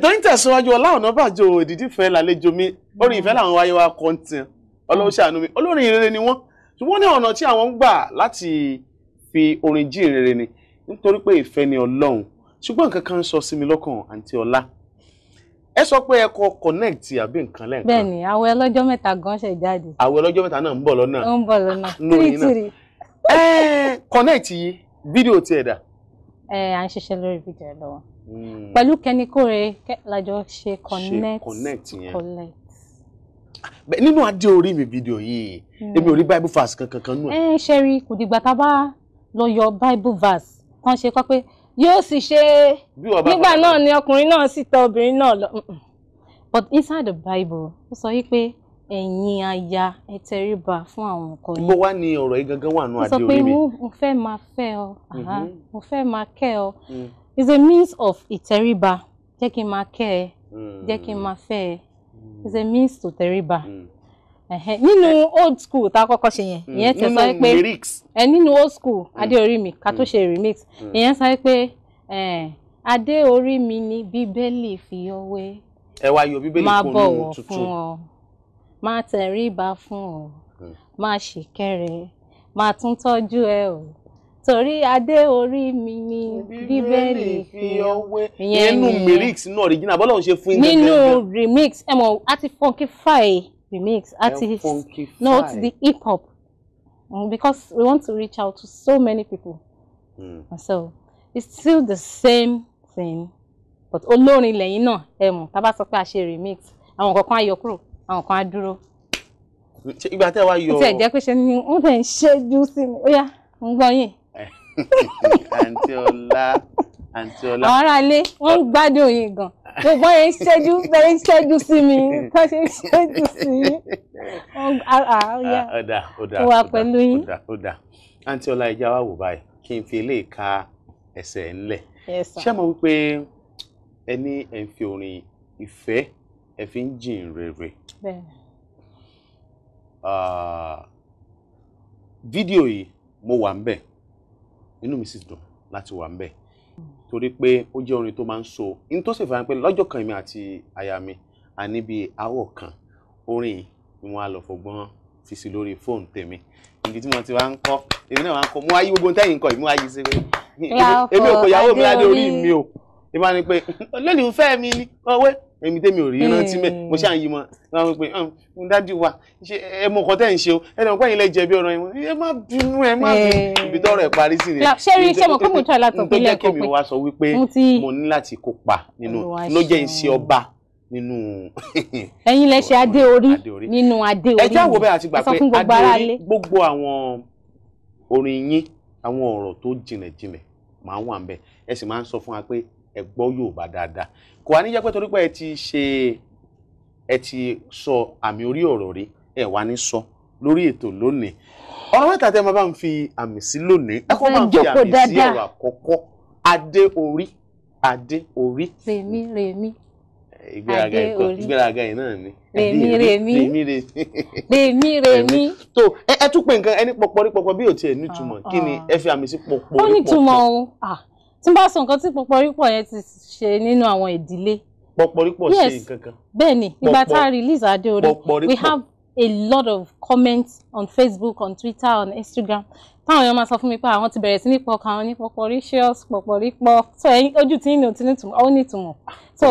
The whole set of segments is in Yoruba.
ètò yín tẹ̀síwájú Ọlá Ọ̀nàbàjọ òdìdí ìfẹ́ làlejò mi orin ìfẹ́ làwọn wáyé wa kọ́ ń tiẹ̀ ọlọ́run ṣàánú mi olórin ìrere ni wọ́n ṣùgbọ́n ní ọ̀nà tí àwọn ń gbà láti fi orin jí ìrere ni nítorí pé ìfẹ́ ni ọlọ́run ṣùgbọ́n nǹkan kan ń sọ sí mi lọ́kàn àǹtí Ọlá ẹ sọ pé ẹ kọ connect àbí nǹkan lẹ́ẹ̀kan. bẹ́ẹ̀ni àwẹ̀ ọlọ́jọ́ mẹ́ta gan ṣe jáde. àwẹ̀ ọlọ́jọ́ mẹ́ta náà ń bọ̀ lọ́nà. ń bọ̀ lọ́nà tírítírì. ẹ connect yìí fídíò tiẹ̀ dà à ń ṣiṣẹ́ lórí fídíò ẹ̀ lọ́wọ́ hmm. pẹ̀lú kẹ́nikóre lájọ ṣe connect collect. nínú adé orí mi fídíò yìí hmm. èmi ò rí bible verse kankan kan nù. ẹ ṣe rí kò dìgbà tá a bá lọ yọ bible verse kan ṣe kọ́ pé yóò sì ṣe nígbà náà ni ọkùnrin náà sì tọ̀ obìnrin náà lọ but inside the bible ó sọ yìí pé. ẹ̀yin aya ẹ tẹríba fún àwọn nǹkan yìí. mo wá ní ọ̀rọ̀ yìí gangan wà nù adé orí mi. mo sọ pé mo fẹ́ máa fẹ́ ọ mhm. mo fẹ́ máa kẹ́ ọ mm. Is a means of ìtẹríba jẹ́ kí n máa kẹ́ ẹ mm. jẹ́ kí n máa fẹ́ ẹ mm. it's a means to tẹríba. Eh. Eh, nínú old school tá a kọ́kọ́ ṣe yẹn ìyẹn ti sọ pé ẹ nínú old school adé orí mi ká tó ṣe remix ìyẹn sọ pé eh, adé orí mi ni bíbélì fi ọwé ẹ wá yọ bíbélì kúrò tuntun bọ̀wọ̀ fún ọ máa tẹríba fún ọ hmm. máa ṣìkẹrẹ máa tún tọ́jú ẹ o torí adé orí mi ni bíbélì fi ọwé ìyẹn nínú remix nínú original bọ́lá òun ṣe fún yín nínú remix ẹ mọ̀ àti funkify remix àti no ti the hip hop mm, because we want to reach out to so many people mm. so it's still the same thing but olórin lẹ́yìn náà ẹ mọ̀ tá a bá sọ pé a ṣe remix àwọn kankan á yọ kúrò àwọn kan á dúró. ìgbà tẹ́ wá yọ. ó tẹ̀ jẹ́ pé ṣe ni wọ́n fẹ́ ń ṣẹ́jú sí mi ó yá ń gbọ́ yín. àǹtí ọlá àǹtí ọlá. àwọn ará ilé wọn ń gbádùn yìí gan gbogbo ẹ ń ṣẹ́jú bẹ́ẹ̀ sí mi tó ṣe ń sí mi ọ̀dà ah, ah, ah, ọ̀dà wà pẹ̀lú yín. àǹtí ọlá ẹja wa wò báyìí kí n fi eléyìí ka ẹsẹ̀ ńlẹ̀ ṣé mo wípé ẹni ẹ̀ ń fi orin ìfẹ́ ẹ̀ fi ń jìn rere bẹ́ẹ̀ni. fídíò yìí mo wà ń bẹ̀ inú mi sì dùn láti wà ń bẹ̀ torí pé ó jẹ́ orin tó máa ń so ní tó sì fẹ́ràn pé lọ́jọ́ kan èmi àti aya mi a ní bíi awọ̀ kan orin ni wọ́n á lọ fọgbọ́n fi sí lórí fóònù tèmi ibi tí mo ti wá ń kọ́ èmi náà wá ń kọ́ mo wá yí gbogbo tẹ́yìn kọ́ èmi wá yí sí pé èmi ò kò yàwó mi ládé orí mi o ìbá ni pé olólùfẹ́ mi ni ọwẹ́ èmi tẹ́mi ò rí rántí mẹ́ mo ṣáà yí mọ́ láwọn pé ń dájú wa ṣe ẹ mọ ọkọ tẹ́ ń ṣe o ẹ dẹ̀ pẹ́yìn lẹ́jẹ̀ bí ọ̀rọ̀ yẹn ẹ má bínú ẹ má bínú eh. ibi tọ́rọ̀ ẹ̀ parí sí rẹ̀. ṣé rí iṣẹ́ mọ̀ pé mo tọ́ ẹ látọ̀ pé lẹ́ẹ̀kọ́ pé mo wá sọ wípé mo ní láti kópa nínú ló jẹ́ ìṣe ọba nínú. ẹ̀yin lẹ ṣe adé orí nínú adé orí ẹ jáwọ́ bẹ́ẹ̀ àti gbà pé adé orí gbogbo àwọn orin kò wá ní jẹ́ pé torí pé ẹ ti ṣe ẹ ti sọ àmì orí ọ̀rọ̀ rí ẹ wá ní sọ lórí ètò lónìí ọ̀rọ̀ mẹ́ta tẹ́ máa bá ń fi àmì sí lónìí ẹ kọ́ máa ń fi àmì sí ọ̀rọ̀ àkọ́kọ́ adé orí adé orí. rèmi rèmi ìgbéraga ẹ̀kọ́ ìgbéraga ẹ̀ náà ni. rèmi rèmi rèmi rèmi. tó ẹ tún pé nǹkan ẹni pọpọrí pọpọ bí ò tiẹ̀ nítumọ̀ ah, kí ni ah. ẹ fi àmì sí pọpọrí pọpọ. ó nítumọ̀ o ah, tí n bá sọ nǹkan tí pọpọrípọ̀ yẹn ti ṣe nínú àwọn ìdílé. pọpọrípọ̀ ṣe nǹkan kan. ni ìgbà tá a release Adeore we have a lot of comments on Facebook on Twitter on Instagram táwọn èèyàn máa sọ fún mi pé àwọn ti bẹ̀rẹ̀ sí ní pọ̀ kan àwọn ní pọpọríṣíọ́s pọpọrípọ̀ so ẹyin ojú tí ní òtún nítumọ̀ ó nítumọ̀ so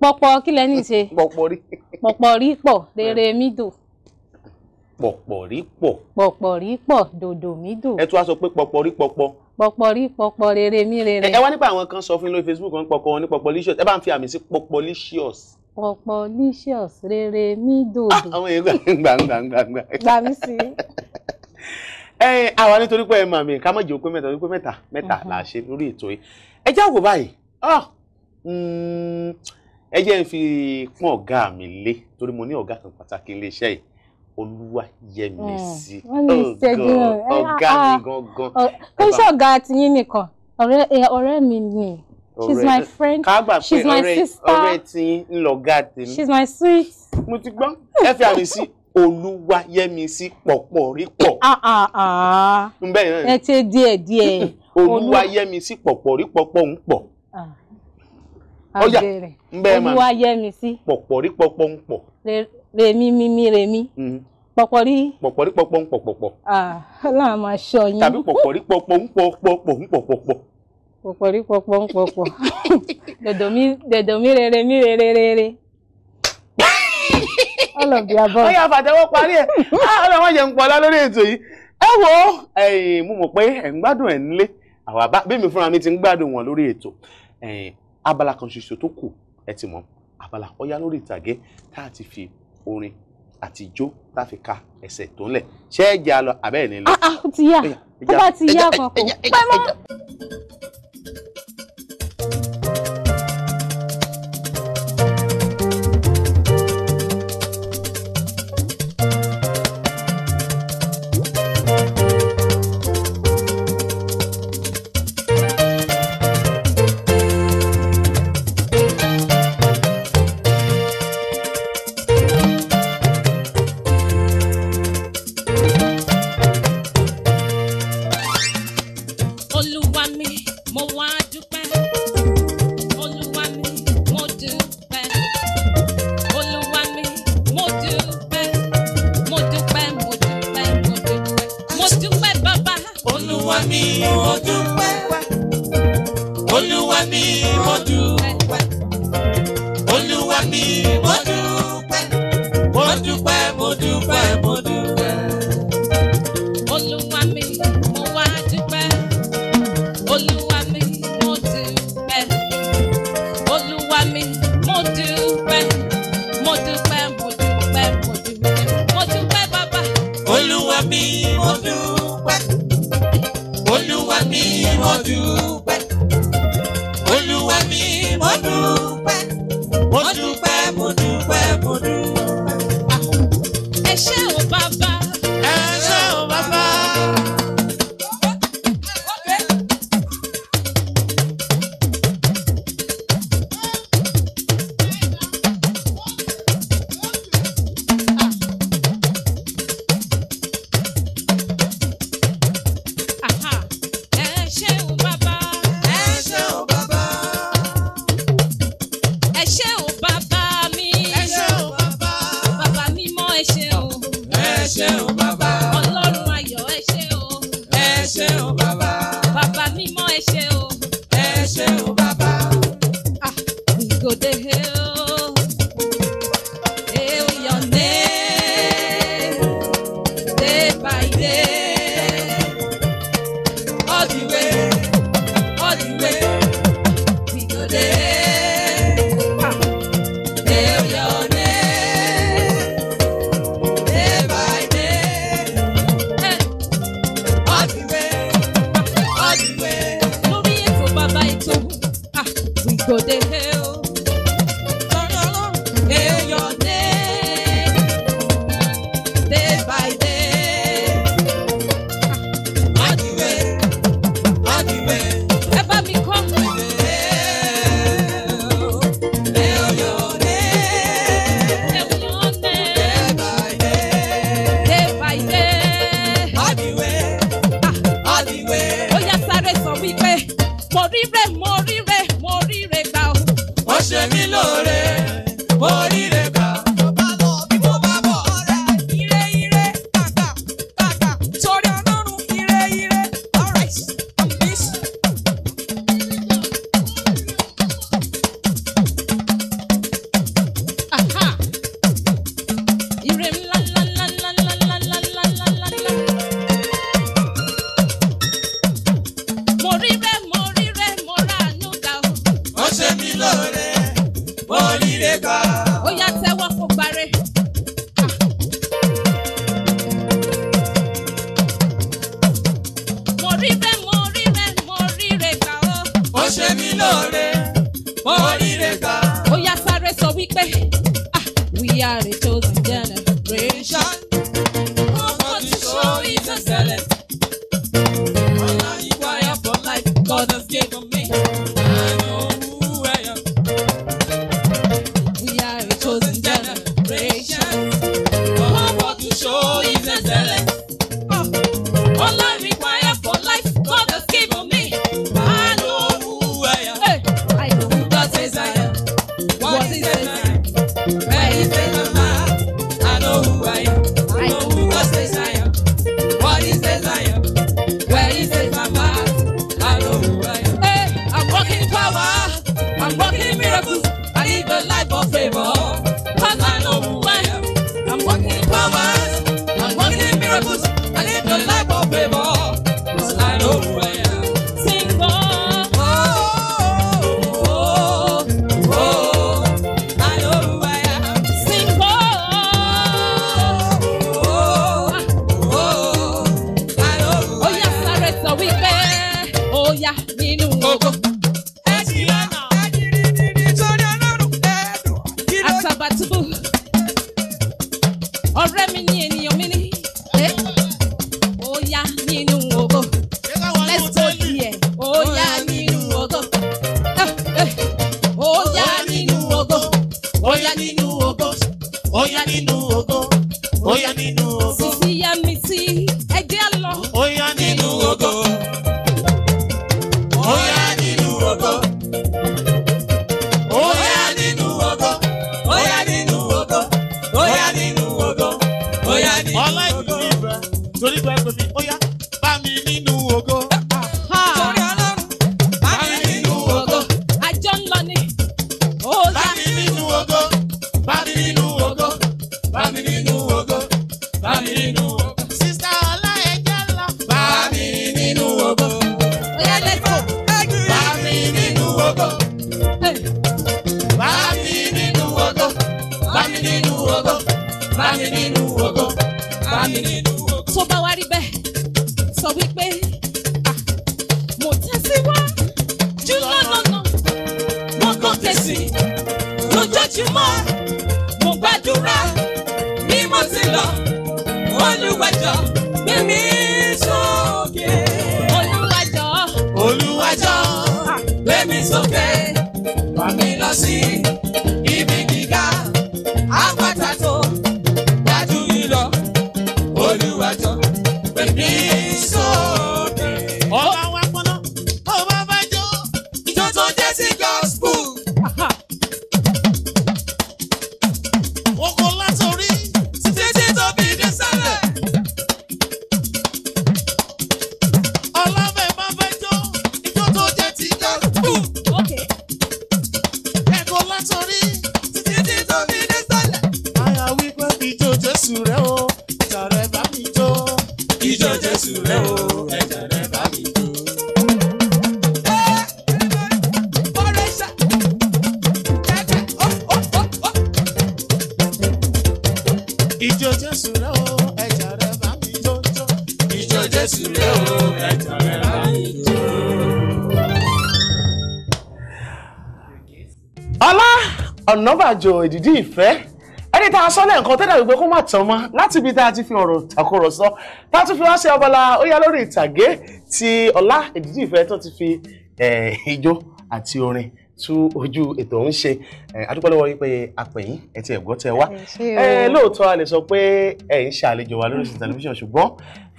pọpọ kí lẹ ní ṣe pọpọrípọ̀ rere mídò. pọpọrípọ̀. pọpọrípọ̀ dòdò mídò. ẹ tún wá sọ pé pọpọrípọpọ pọpọrí pọpọ rere mi rere. ẹ wá nípa àwọn kan sọ fún lórí facebook wọn pọpọ wọn ní pọpọlicious ẹ bá ń fi àmì sí pọpọlicious. pọpọlicious rere mí dòdò. Ah, àwọn èèyàn gbà ń gbà ń gbà ń gbà. gbà mí sí. ẹ àwa nítorí pé ẹ mà mí ká má jẹ́ òpin mẹ́ta òpin mẹ́ta mẹ́ta uh-huh. là á ṣe lórí ètò yìí ẹ já wò báyìí ah, mm, ẹ jẹ́ ń fi pọ́n ọ̀gá mi lé torí mo ní ọ̀gá kan pàtàkì iléeṣẹ́ yìí Olúwayẹmísí mm, oh, eh, ah, ọ̀gá mi ah. gangan. kò sí ọ̀gá tiyín nìkan ọ̀rẹ́ eh, mi ni she's my friend she's my sister ọ̀rẹ́ tiyín ńlọ̀gá tèmi she's my sweet. mo ti gbọ́ ẹ fi àmì sí Olúwayẹmísí pọ̀pọ̀ rí pọ̀. Ah, ẹ ti díẹ̀ díẹ̀. Olúwayẹmísí pọ̀pọ̀ rí pọ̀pọ̀ ń pọ̀ ọjà nbẹ ma Olúwayẹmísí pọpọrí pọpọ ń pọ rèmi mímí rèmi mm-hmm. pọ̀pọ̀rí. pọ̀pọ̀rí pọ̀pọ̀ ń pọ̀pọ̀pọ̀. ọlọ́run àmọ́ aṣọ yín. tàbí pọ̀pọ̀rí pọ̀pọ̀ ń pọ̀pọ̀pọ̀ ń pọ̀pọ̀pọ̀. pọ̀pọ̀rí pọ̀pọ̀ ń pọ̀pọ̀ dẹ̀dọ̀ mi rere mi rere rere. all of the above. ó yá fàtẹ́wọ́ parí ẹ̀ ah, ọ̀rọ̀ wọn jẹ́ ń pọ̀lá lórí ètò yìí. ẹ wo mo mọ̀ pé ẹ̀ ń gbádùn ẹ̀ nílé àwọn àbá bí mi fúnra mi ti ń gbádùn wọn lórí ètò abala kan ṣoṣo tó kù ẹ ti mọ̀ abala ó yá lórí ìtàgé tá a ti fi orin àti ijó láfi ka ẹsẹ̀ tó ń lẹ̀ ṣé ẹ jẹ́ àlọ́ àbẹ́ẹ̀ ni lọ. Ah, ah, ti yá ó bá ti yá kankan rí bẹ́ẹ̀ mo rí rẹ mo rí rẹ gbà ó. ó ṣe mí lóore mo rí rẹ gbà. ó yá sáré sọ wípé ah, we are a chosen generation. ọ̀rẹ́ mi mi nínú ògo bá mi nínú tó bá wá rí bẹ́ẹ̀ sọ wípé mo tẹ̀síwájú lọ́nà mo kàn tẹ̀sí lójoojúmọ́ mo gbàdúrà bí mo ti lọ olùwàjọ gbé mi sókè. olùwàjọ olùwàjọ gbé mi sókè bá mi lọ sí ọ̀nàbàjò ìdìdí ìfẹ́ ẹni tá a sọ lẹ́ẹ̀kan tẹ́lẹ̀ wípé kó má tán mọ́ láti ibi tá a ti fi ọ̀rọ̀ tàkúrọ̀sọ tá a tún fi wá sí abala ó yá lórí ìtàgé ti ọlá ìdìdí ìfẹ́ tó ti fi ijó àti orin tú ojú ètò ń ṣe adúpẹ́ lọ́wọ́ yín pé apẹ̀yìn ẹ ti ẹ̀gbọ́n tẹ wá lóòótọ́ a lè sọ pé ẹ̀ ń ṣàlejò wa lórí tẹlifíṣàn ṣùgbọ́n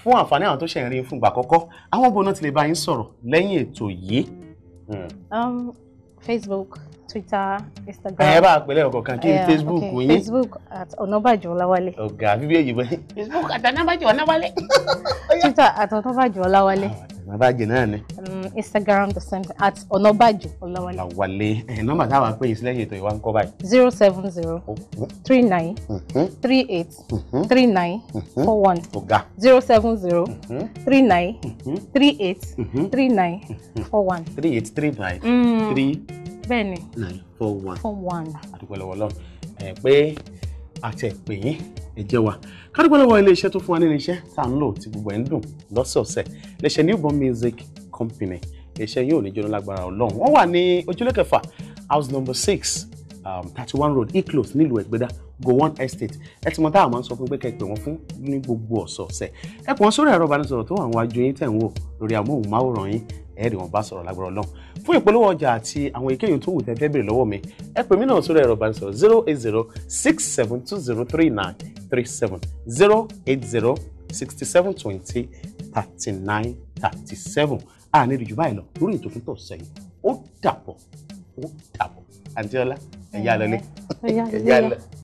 fún àǹfààní àwọn tó ṣẹ̀ ń rí fún ìgbà àkọ́kọ́ àwọn bọ́ọ̀nà ti lè bá yín sọ̀rọ̀ lẹ́yìn ètò yìí. Hmm. Um, Facebook Twitter Instagram. ẹ bá a pẹ̀lẹ́ ọkọ kan kí ni eh, Facebook yín. Facebook at Ọ̀nàbàjọ́ Ọláwálé. ọ̀gá bíbí èyí bẹ́ẹ̀. Facebook at Ọ̀nàbàjọ́ Olawale. Twitter at Ọ̀nàbàjọ́ Ọláwálé. Ọ̀nàbàjì náà ni. Mm, Instagram the same thing at Ọ̀nàbàjì Ọláwálé. Ọláwálé nọ́mbà táwa pé yìí sílẹ̀ ètò ìwà ń kọ́ báyìí. zero seven zero oh, oh. three nine mm-hmm. three eight mm-hmm. three nine mm-hmm. four one zero seven zero three nine three eight three nine four one. three eight three nine mm. three. bẹ́ẹ̀ni nine four one. four one. àdúgbò lọ́wọ́ pé àti ẹ̀pẹ́ ẹ̀jẹ̀ wa kádùpẹ́ lọ́wọ́ iléeṣẹ́ tó fún wa ní iléeṣẹ́ tá à ń lò tí gbogbo ẹ̀ ń dùn lọ́sọ̀ọ̀sẹ̀ new newborn music company iléeṣẹ́ yóò ní jóná lágbára ọlọ́run wọ́n wà ní ojúlé kẹfà house number six um, thirty one road eclose nílùú Go one estate ẹ ti mọ táwọn máa ń sọ fún pé kẹpẹ wọn fún ní gbogbo ọ̀sọ̀ọ̀sẹ̀ ẹ pọ̀ sórí ẹ̀rọ ìbánisọ̀rọ̀ tó wà wájú yín tẹ̀ ń wò lórí amóhùnmáwòrán yín ẹ̀ẹ́dì wọn bá sọ̀rọ̀ lágbára ọlọ́run fún ìpolówó ọjà àti àwọn èkéyìí tó wù tẹ́ fẹ́ bèrè lọ́wọ́ mi ẹ pè mí náà sórí ẹ̀rọ ìbánisọ̀rọ̀ zero eight zero six seven two zero three nine three seven zero eight zero sixty seven twenty thirty nine thirty seven àní ìrìjú báyìí lọ lórí ètò tó tọ̀ sẹ́yìn ó dàbọ̀ ó dàbọ̀ àǹtíọ́lá ẹ̀yà lọlé ẹ̀yà lọ.